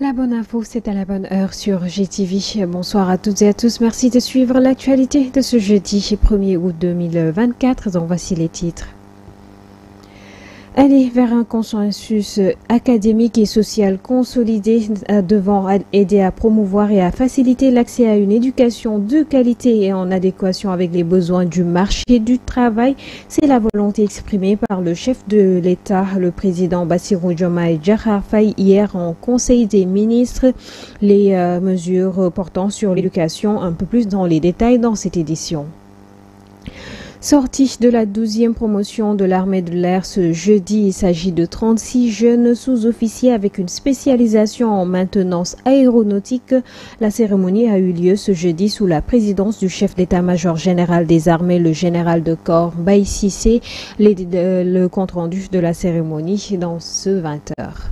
La bonne info, c'est à la bonne heure sur GTV. Bonsoir à toutes et à tous. Merci de suivre l'actualité de ce jeudi 1er août 2024. Donc voici les titres. Aller vers un consensus académique et social consolidé euh, devant aider à promouvoir et à faciliter l'accès à une éducation de qualité et en adéquation avec les besoins du marché du travail, c'est la volonté exprimée par le chef de l'État, le président Bassirou Diomaye Djahar hier en Conseil des ministres. Les euh, mesures portant sur l'éducation un peu plus dans les détails dans cette édition. Sorti de la 12e promotion de l'armée de l'air ce jeudi, il s'agit de 36 jeunes sous-officiers avec une spécialisation en maintenance aéronautique. La cérémonie a eu lieu ce jeudi sous la présidence du chef d'état-major général des armées, le général de corps Baï euh, Le compte-rendu de la cérémonie dans ce 20h.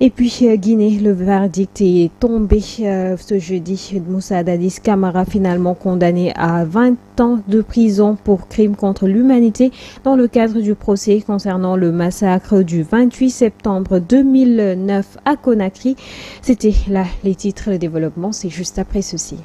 Et puis euh, Guinée, le verdict est tombé euh, ce jeudi. Moussa Dadis Kamara, finalement condamné à 20 ans de prison pour crime contre l'humanité dans le cadre du procès concernant le massacre du 28 septembre 2009 à Conakry. C'était là les titres, le développement, c'est juste après ceci.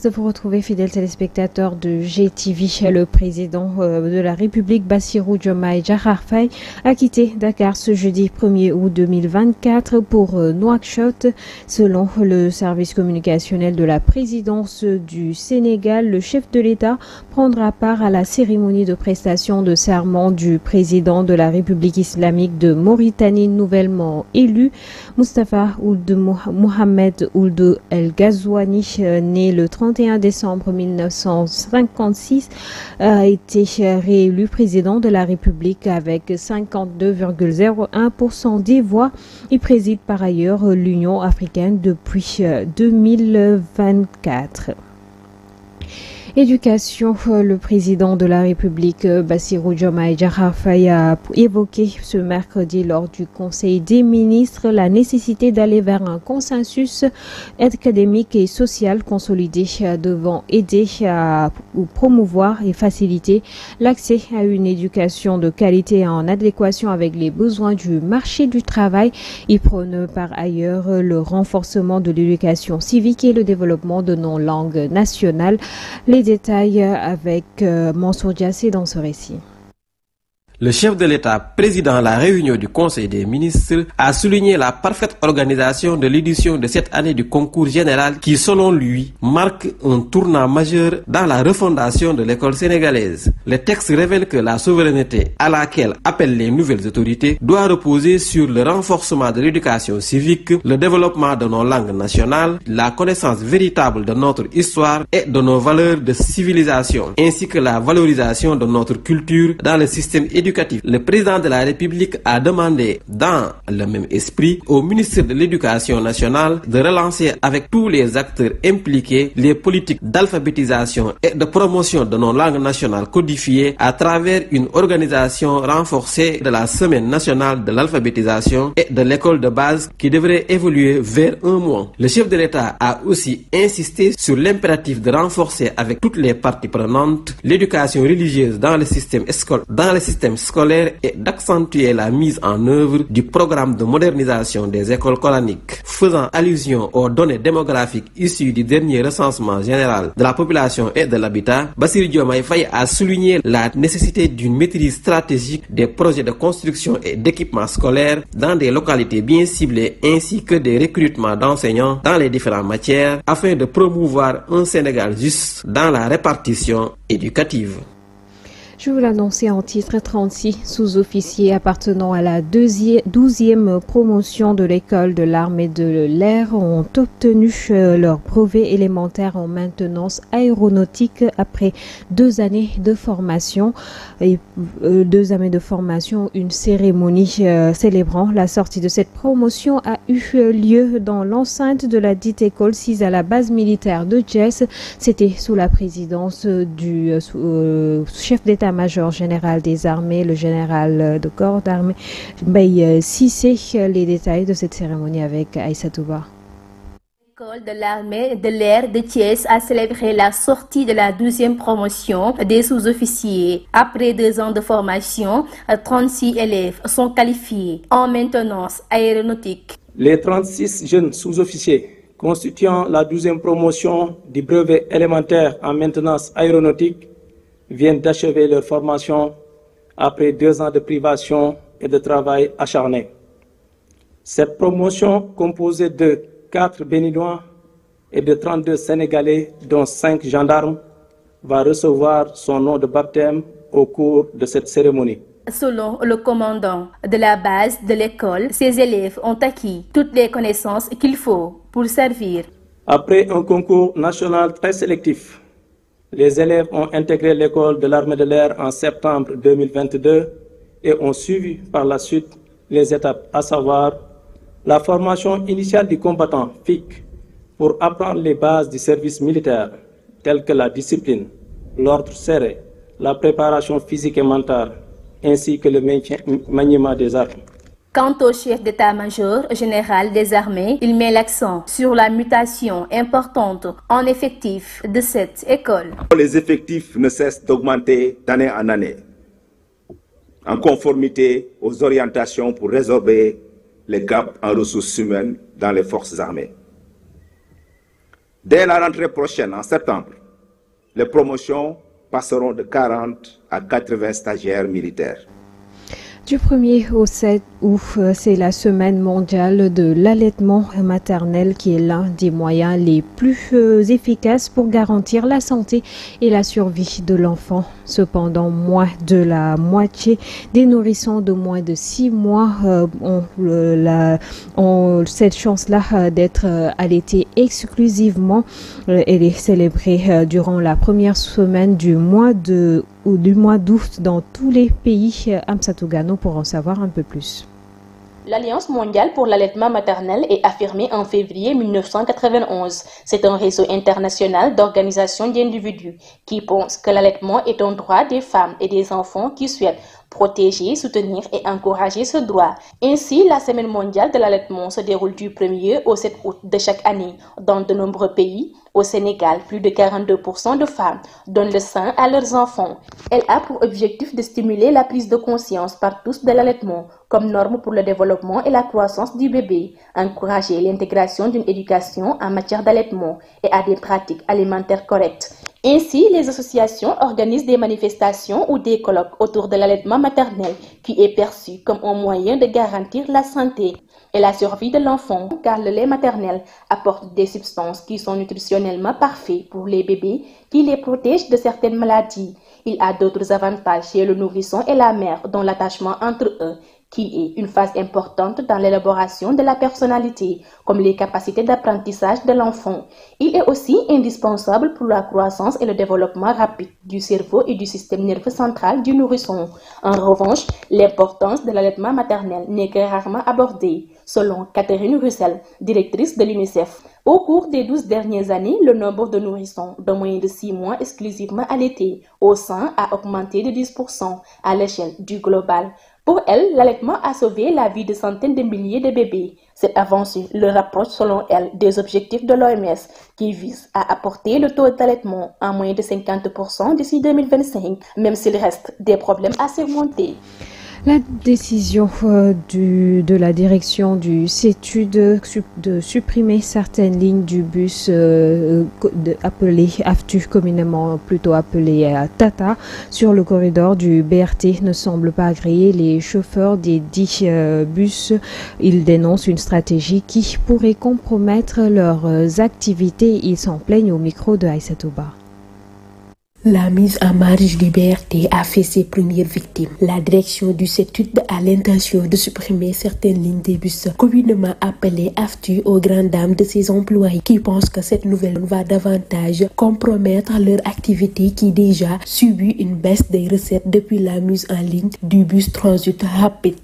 de vous retrouver, fidèles téléspectateurs de GTV. Le président euh, de la République, Bassirou Diomaye Jaharfay, a quitté Dakar ce jeudi 1er août 2024 pour euh, Nouakchott. Selon le service communicationnel de la présidence du Sénégal, le chef de l'État prendra part à la cérémonie de prestation de serment du président de la République islamique de Mauritanie nouvellement élu, Mustafa Ould Mohamed Ould El Ghazouani, euh, né le 31 décembre 1956, a été réélu président de la République avec 52,01% des voix. Il préside par ailleurs l'Union africaine depuis 2024. Euh, Éducation, euh, le président de la République, euh, Bassirou Diomaye a évoqué ce mercredi lors du Conseil des ministres la nécessité d'aller vers un consensus académique et social consolidé euh, devant aider à promouvoir et faciliter l'accès à une éducation de qualité en adéquation avec les besoins du marché du travail. Il prône par ailleurs le renforcement de l'éducation civique et le développement de nos langues nationales. Les détails avec euh, Mansour Diassé dans ce récit. Le chef de l'État, président de la réunion du Conseil des ministres, a souligné la parfaite organisation de l'édition de cette année du concours général qui, selon lui, marque un tournant majeur dans la refondation de l'école sénégalaise. Le texte révèle que la souveraineté à laquelle appellent les nouvelles autorités doit reposer sur le renforcement de l'éducation civique, le développement de nos langues nationales, la connaissance véritable de notre histoire et de nos valeurs de civilisation, ainsi que la valorisation de notre culture dans le système éducatif le président de la République a demandé, dans le même esprit, au ministre de l'Éducation nationale de relancer avec tous les acteurs impliqués les politiques d'alphabétisation et de promotion de nos langues nationales codifiées à travers une organisation renforcée de la Semaine nationale de l'alphabétisation et de l'école de base qui devrait évoluer vers un mois. Le chef de l'État a aussi insisté sur l'impératif de renforcer avec toutes les parties prenantes l'éducation religieuse dans le système, dans le système scolaire et d'accentuer la mise en œuvre du programme de modernisation des écoles coloniques. faisant allusion aux données démographiques issues du dernier recensement général de la population et de l'habitat, Bassir Diomaye a souligné la nécessité d'une maîtrise stratégique des projets de construction et d'équipement scolaire dans des localités bien ciblées ainsi que des recrutements d'enseignants dans les différentes matières afin de promouvoir un Sénégal juste dans la répartition éducative. Je vous l'annonçais en titre, 36 sous-officiers appartenant à la 12e promotion de l'école de l'armée de l'air ont obtenu euh, leur brevet élémentaire en maintenance aéronautique après deux années de formation. Et euh, deux années de formation, une cérémonie euh, célébrant la sortie de cette promotion a eu lieu dans l'enceinte de la dite école 6 à la base militaire de Jess. C'était sous la présidence du chef d'état major général des armées, le général euh, de corps d'armée. Euh, si c'est euh, les détails de cette cérémonie avec Aïssa Touba. L'école de l'armée de l'air de Thiès a célébré la sortie de la deuxième promotion des sous-officiers. Après deux ans de formation, 36 élèves sont qualifiés en maintenance aéronautique. Les 36 jeunes sous-officiers constituant la deuxième promotion du brevet élémentaire en maintenance aéronautique viennent d'achever leur formation après deux ans de privation et de travail acharné. Cette promotion, composée de quatre Béninois et de 32 Sénégalais, dont cinq gendarmes, va recevoir son nom de baptême au cours de cette cérémonie. Selon le commandant de la base de l'école, ces élèves ont acquis toutes les connaissances qu'il faut pour servir. Après un concours national très sélectif, les élèves ont intégré l'école de l'armée de l'air en septembre 2022 et ont suivi par la suite les étapes, à savoir la formation initiale du combattant FIC pour apprendre les bases du service militaire, telles que la discipline, l'ordre serré, la préparation physique et mentale, ainsi que le maniement des armes. Quant au chef d'état-major général des armées, il met l'accent sur la mutation importante en effectifs de cette école. Les effectifs ne cessent d'augmenter d'année en année, en conformité aux orientations pour résorber les gaps en ressources humaines dans les forces armées. Dès la rentrée prochaine, en septembre, les promotions passeront de 40 à 80 stagiaires militaires. Du 1er au 7 août, euh, c'est la semaine mondiale de l'allaitement maternel qui est l'un des moyens les plus euh, efficaces pour garantir la santé et la survie de l'enfant. Cependant, moins de la moitié des nourrissons de moins de 6 mois euh, ont, cette chance-là d'être allaités exclusivement. Elle est célébrée durant la première semaine du mois de ou du mois d'août dans tous les pays. Euh, Amsatougano pour en savoir un peu plus. L'Alliance mondiale pour l'allaitement maternel est affirmée en février 1991. C'est un réseau international d'organisations d'individus qui pensent que l'allaitement est un droit des femmes et des enfants qui souhaitent protéger, soutenir et encourager ce droit. Ainsi, la Semaine mondiale de l'allaitement se déroule du 1er au 7 août de chaque année dans de nombreux pays, au Sénégal, plus de 42% de femmes donnent le sein à leurs enfants. Elle a pour objectif de stimuler la prise de conscience par tous de l'allaitement comme norme pour le développement et la croissance du bébé, encourager l'intégration d'une éducation en matière d'allaitement et à des pratiques alimentaires correctes ainsi, les associations organisent des manifestations ou des colloques autour de l'allaitement maternel qui est perçu comme un moyen de garantir la santé et la survie de l'enfant car le lait maternel apporte des substances qui sont nutritionnellement parfaites pour les bébés qui les protègent de certaines maladies. Il a d'autres avantages chez le nourrisson et la mère dont l'attachement entre eux qui est une phase importante dans l'élaboration de la personnalité, comme les capacités d'apprentissage de l'enfant. Il est aussi indispensable pour la croissance et le développement rapide du cerveau et du système nerveux central du nourrisson. En revanche, l'importance de l'allaitement maternel n'est que rarement abordée, selon Catherine Russell, directrice de l'UNICEF. Au cours des 12 dernières années, le nombre de nourrissons de moins de six mois exclusivement allaités au sein a augmenté de 10% à l'échelle du global. Pour elle, l'allaitement a sauvé la vie de centaines de milliers de bébés. Cette avancée le rapproche, selon elle, des objectifs de l'OMS qui vise à apporter le taux d'allaitement à moins de 50% d'ici 2025, même s'il reste des problèmes à surmonter. La décision euh, de la direction du CETU de, supprimer certaines lignes du bus euh, appelé AFTU, communément plutôt appelé euh, Tata, sur le corridor du BRT ne semble pas agréer les chauffeurs des dix bus. Ils dénoncent une stratégie qui pourrait compromettre leurs activités. Ils s'en plaignent au micro de Bar. La mise en marge liberté a fait ses premières victimes. La direction du CETUD a l'intention de supprimer certaines lignes des bus, communément appelées AFTU aux grandes dames de ses employés qui pensent que cette nouvelle va davantage compromettre leur activité qui déjà subit une baisse des recettes depuis la mise en ligne du bus Transit rapide.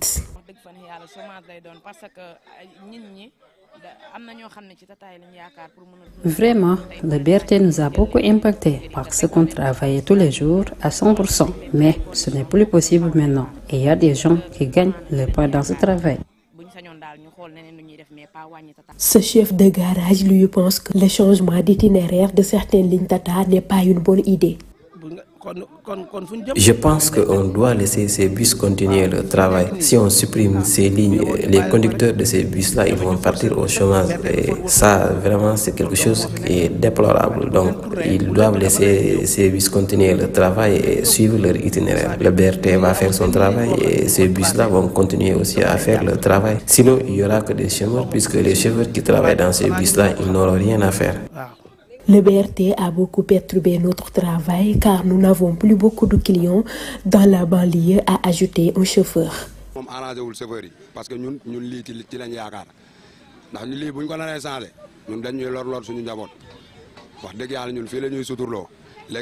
Vraiment, la liberté nous a beaucoup impacté parce qu'on travaillait tous les jours à 100%, mais ce n'est plus possible maintenant. Et il y a des gens qui gagnent le pain dans ce travail. Ce chef de garage lui pense que le changement d'itinéraire de certaines lignes Tata n'est pas une bonne idée. Je pense qu'on doit laisser ces bus continuer le travail. Si on supprime ces lignes, les conducteurs de ces bus-là, ils vont partir au chômage. Et ça, vraiment, c'est quelque chose qui est déplorable. Donc, ils doivent laisser ces bus continuer le travail et suivre leur itinéraire. Le BRT va faire son travail et ces bus-là vont continuer aussi à faire le travail. Sinon, il n'y aura que des chômeurs puisque les chauffeurs qui travaillent dans ces bus-là, ils n'auront rien à faire. Le BRT a beaucoup perturbé notre travail car nous n'avons plus beaucoup de clients dans la banlieue à ajouter un chauffeur. Nous avons arrangé le chauffeur parce que nous avons fait ce qu'on a fait. Nous avons fait ce qu'on a fait. Nous avons fait ce qu'on a fait. Nous avons fait ce qu'on a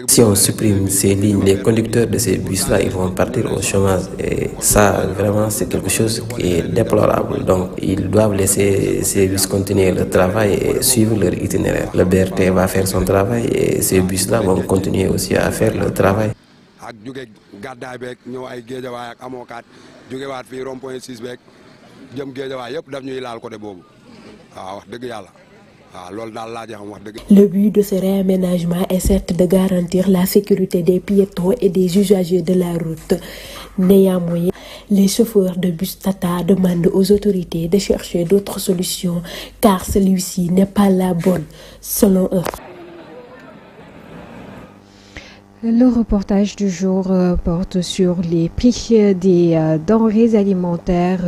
si on supprime ces lignes, les conducteurs de ces bus-là, ils vont partir au chômage. Et ça, vraiment, c'est quelque chose qui est déplorable. Donc, ils doivent laisser ces bus continuer le travail et suivre leur itinéraire. Le BRT va faire son travail et ces bus-là vont continuer aussi à faire le travail. Ah, Le but de ce réaménagement est certes de garantir la sécurité des piétons et des usagers de la route. Néanmoins, les chauffeurs de bus Tata demandent aux autorités de chercher d'autres solutions car celui-ci n'est pas la bonne, selon eux. Le reportage du jour euh, porte sur les prix euh, des euh, denrées alimentaires.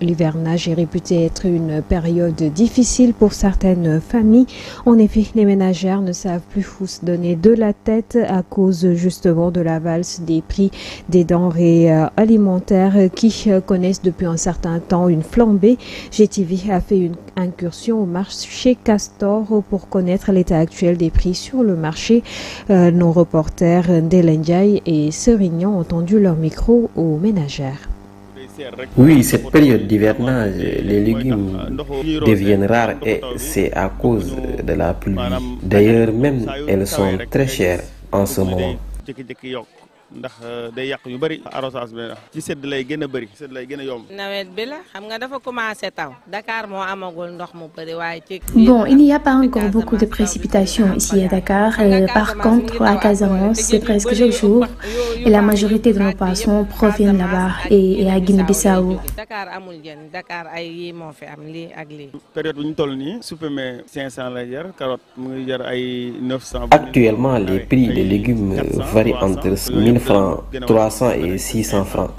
L'hivernage est réputé être une période difficile pour certaines familles. En effet, les ménagères ne savent plus où se donner de la tête à cause justement de la valse des prix des denrées alimentaires qui connaissent depuis un certain temps une flambée. GTV a fait une incursion au marché Castor pour connaître l'état actuel des prix sur le marché. Nos reporters frères et Serignan ont tendu leur micro aux ménagères. Oui, cette période d'hivernage, les légumes deviennent rares et c'est à cause de la pluie. D'ailleurs, même elles sont très chères en ce moment ndax euh, day yàq yu bëri arrosage bi ci sedd lay gën a bëri sedd lay gën a yomb nawet bi la xam nga dafa commencé taw Dakar moo amagul ndox mu bëri waaye ci bon il n'y a pas encore beaucoup de précipitations ici à Dakar euh, par contre à Casamance c'est presque chaque jour et la majorité de nos poissons proviennent là-bas et, et à Guinée-Bissau Dakar amul jën Dakar ay yii moo fi am lii ak lii période bu ñu toll nii supprimer 500 lay jar carotte mu ngi jar ay 900 actuellement les prix des légumes varient entre 300 et 600 francs.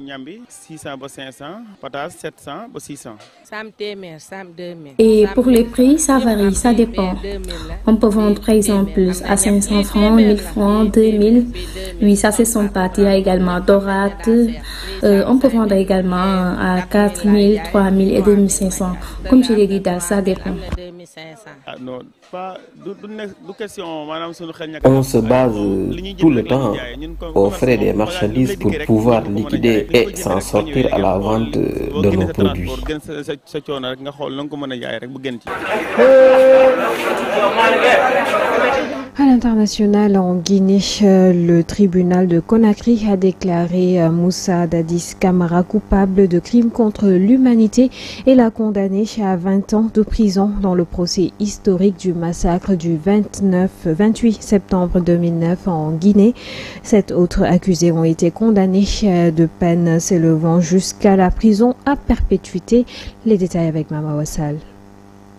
Et pour les prix, ça varie, ça dépend. On peut vendre par exemple à 500 francs, 1000 francs, 2000. Oui, ça c'est son pâte. Il y a également dorate. Euh, on peut vendre également à 4000, 3000 et 2500. Comme je l'ai dit, ça dépend. Ah, On se base tout le temps au frais des marchandises pour pouvoir liquider et s'en sortir à la vente de nos produits. À l'international, en Guinée, euh, le tribunal de Conakry a déclaré euh, Moussa Dadis Kamara coupable de crimes contre l'humanité et l'a condamné à 20 ans de prison dans le procès historique du massacre du 29, 28 septembre 2009 en Guinée. Sept autres accusés ont été condamnés euh, de peine s'élevant jusqu'à la prison à perpétuité. Les détails avec Mama Wassal.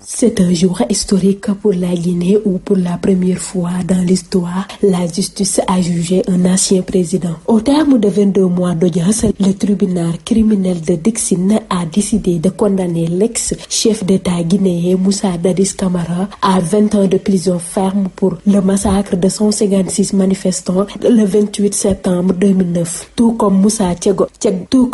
C'est un jour historique pour la Guinée où pour la première fois dans l'histoire, la justice a jugé un ancien président. Au terme de 22 mois d'audience, le tribunal criminel de Dixine a décidé de condamner l'ex-chef d'État guinéen Moussa Dadis Kamara à 20 ans de prison ferme pour le massacre de 156 manifestants le 28 septembre 2009. Tout comme Moussa tout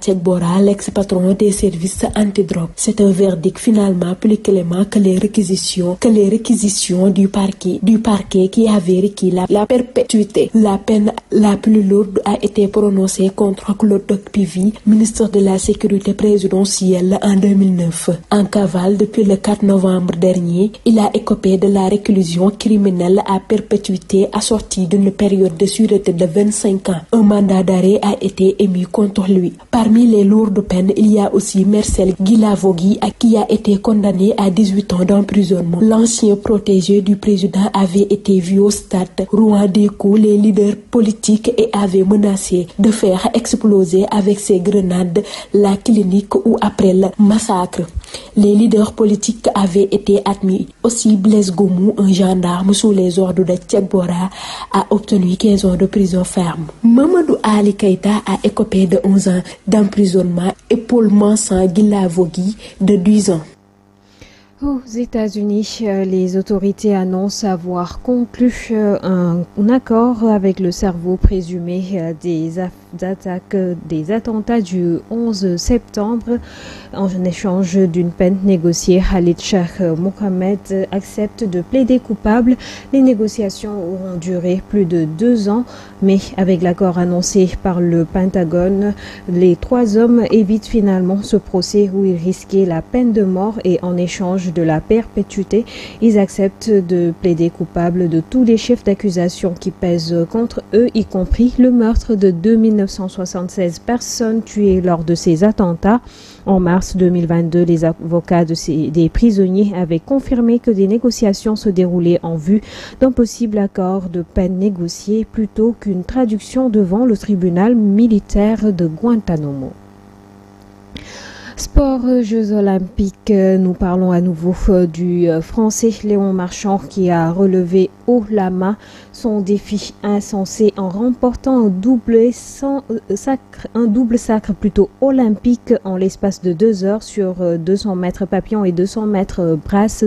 Tchegbora, l'ex-patron des services antidrogue. C'est un verdict finalement appliqué que les réquisitions, que les réquisitions du parquet, du parquet qui avait requis la, perpétuité. La peine la plus lourde a été prononcée contre Claude Pivi, ministre de la Sécurité présidentielle en 2009. En cavale depuis le 4 novembre dernier, il a écopé de la réclusion criminelle à perpétuité assortie d'une période de sûreté de 25 ans. Un mandat d'arrêt a été émis contre lui. Parmi les lourdes peines, il y a aussi Marcel Guilavogui qui a été condamné à 18 ans d'emprisonnement. L'ancien protégé du président avait été vu au stade rwandais où les leaders politiques et avait menacé de faire exploser avec ses grenades la clinique ou après le massacre. Les leaders politiques avaient été admis. Aussi, Blaise Gomou, un gendarme sous les ordres de Bora, a obtenu 15 ans de prison ferme. Mamadou Ali Keita a écopé de 11 ans d'emprisonnement et Paul Mansan Gilavogui de 10 ans. Aux États-Unis, euh, les autorités annoncent avoir conclu euh, un, accord avec le cerveau présumé euh, des affaires d'attaque des attentats du 11 septembre. En échange d'une peine négociée, Khalid Shah Mohamed accepte de plaider coupable. Les négociations auront duré plus de deux ans, mais avec l'accord annoncé par le Pentagone, les trois hommes évitent finalement ce procès où ils risquaient la peine de mort et en échange de la perpétuité, ils acceptent de plaider coupable de tous les chefs d'accusation qui pèsent contre eux, y compris le meurtre de 2009 176 personnes tuées lors de ces attentats. En mars 2022, les avocats des prisonniers avaient confirmé que des négociations se déroulaient en vue d'un possible accord de peine négocié plutôt qu'une traduction devant le tribunal militaire de Guantanamo. Sports, euh, Jeux Olympiques, euh, nous parlons à nouveau euh, du Français Léon Marchand qui a relevé au Lama son défi insensé en remportant un double, sacre, un double sacre plutôt olympique en l'espace de deux heures sur 200 mètres papillon et 200 mètres brasse.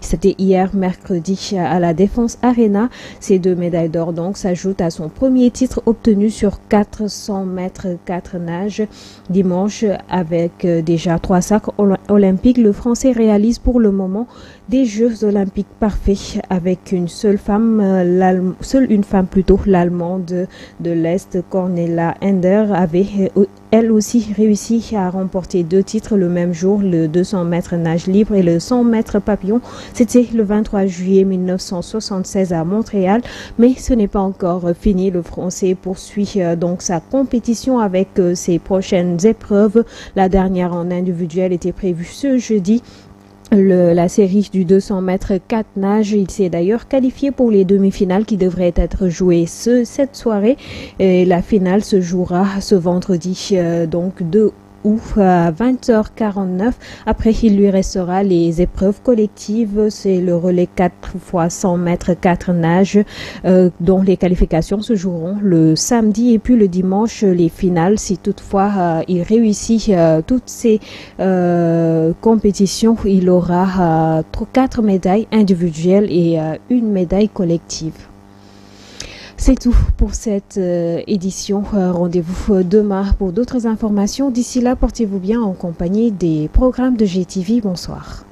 C'était hier mercredi à la Défense Arena. Ces deux médailles d'or donc s'ajoutent à son premier titre obtenu sur 400 mètres 4 nages dimanche avec déjà trois sacs olympiques, le Français réalise pour le moment des Jeux olympiques parfaits avec une seule femme, euh, seule une femme plutôt, l'allemande de l'Est, Cornelia Ender, avait euh, elle aussi réussi à remporter deux titres le même jour, le 200 mètres nage libre et le 100 mètres papillon. C'était le 23 juillet 1976 à Montréal, mais ce n'est pas encore fini. Le Français poursuit euh, donc sa compétition avec ses prochaines épreuves. La dernière en individuel était prévue ce jeudi. Le, la série du 200 mètres 4 nages. Il s'est d'ailleurs qualifié pour les demi-finales qui devraient être jouées ce, cette soirée. Et la finale se jouera ce vendredi, euh, donc de à 20h49. Après, il lui restera les épreuves collectives. C'est le relais 4 fois 100 mètres, 4 nages, euh, dont les qualifications se joueront le samedi et puis le dimanche, les finales. Si toutefois euh, il réussit euh, toutes ces compétitions, il aura 4 médailles individuelles et une médaille collective. C'est tout pour cette euh, édition. Euh, rendez-vous euh, demain pour d'autres informations. D'ici là, portez-vous bien en compagnie des programmes de GTV. Bonsoir.